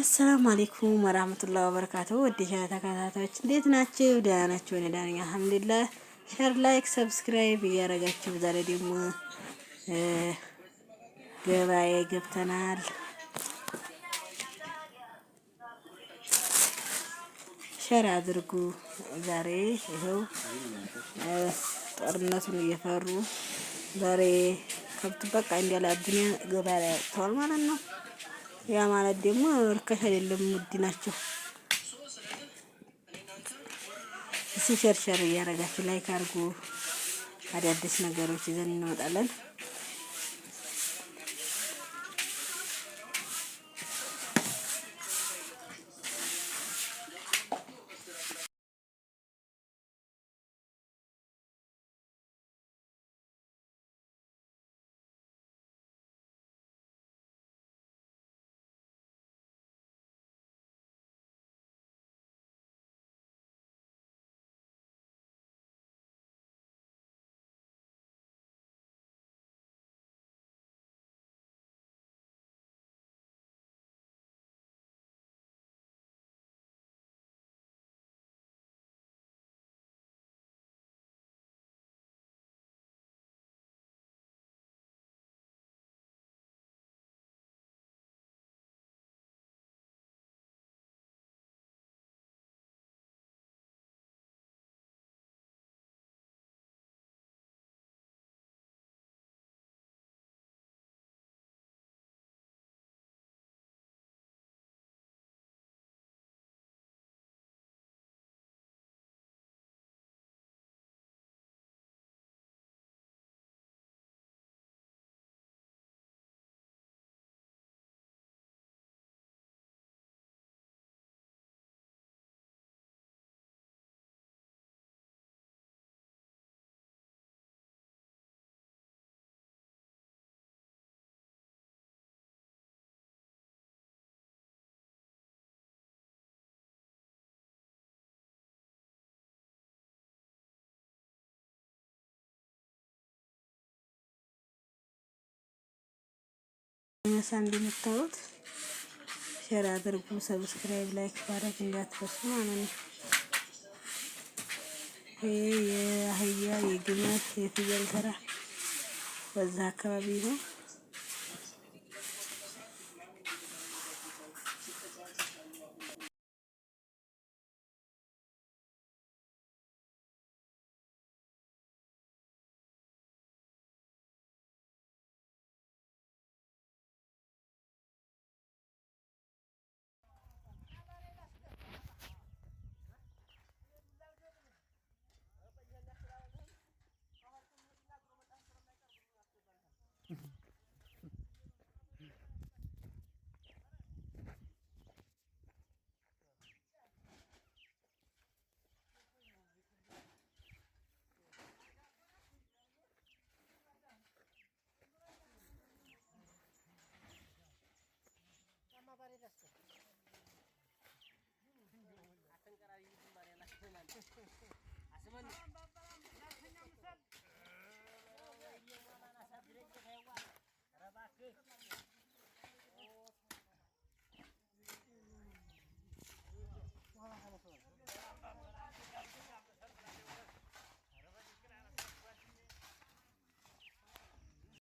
አሰላሙ አሌይኩም ወራህመቱላሂ ወበረካቱ ወዲህ ተከታታዮች እንዴት ናችሁ? ደህና ናችሁ? እኔ ደህና ነኝ አልሐምዱሊላህ። ሼር፣ ላይክ፣ ሰብስክራይብ እያደረጋችሁ ዛሬ ደግሞ ገበያ ገብተናል። ሸር አድርጉ። ዛሬ ይኸው ጦርነቱን እየፈሩ ዛሬ ከብት በቃ እንዲያለ አዱኒያ ገበያ ላይ ወጥተዋል ማለት ነው። ያ ማለት ደግሞ እርካሽ አይደለም፣ ውድ ናቸው። እሱ ሸርሸር እያደረጋችሁ ላይክ አድርጉ። አዳዲስ ነገሮች ይዘን እንወጣለን። እነሳ እንደምታዩት ሼር አድርጉ፣ ሰብስክራይብ፣ ላይክ ማድረግ እንዳትረሱ ማለት ነው። ይሄ የአህያ የግመል የፍየል ተራ በዛ አካባቢ ነው። Asa man?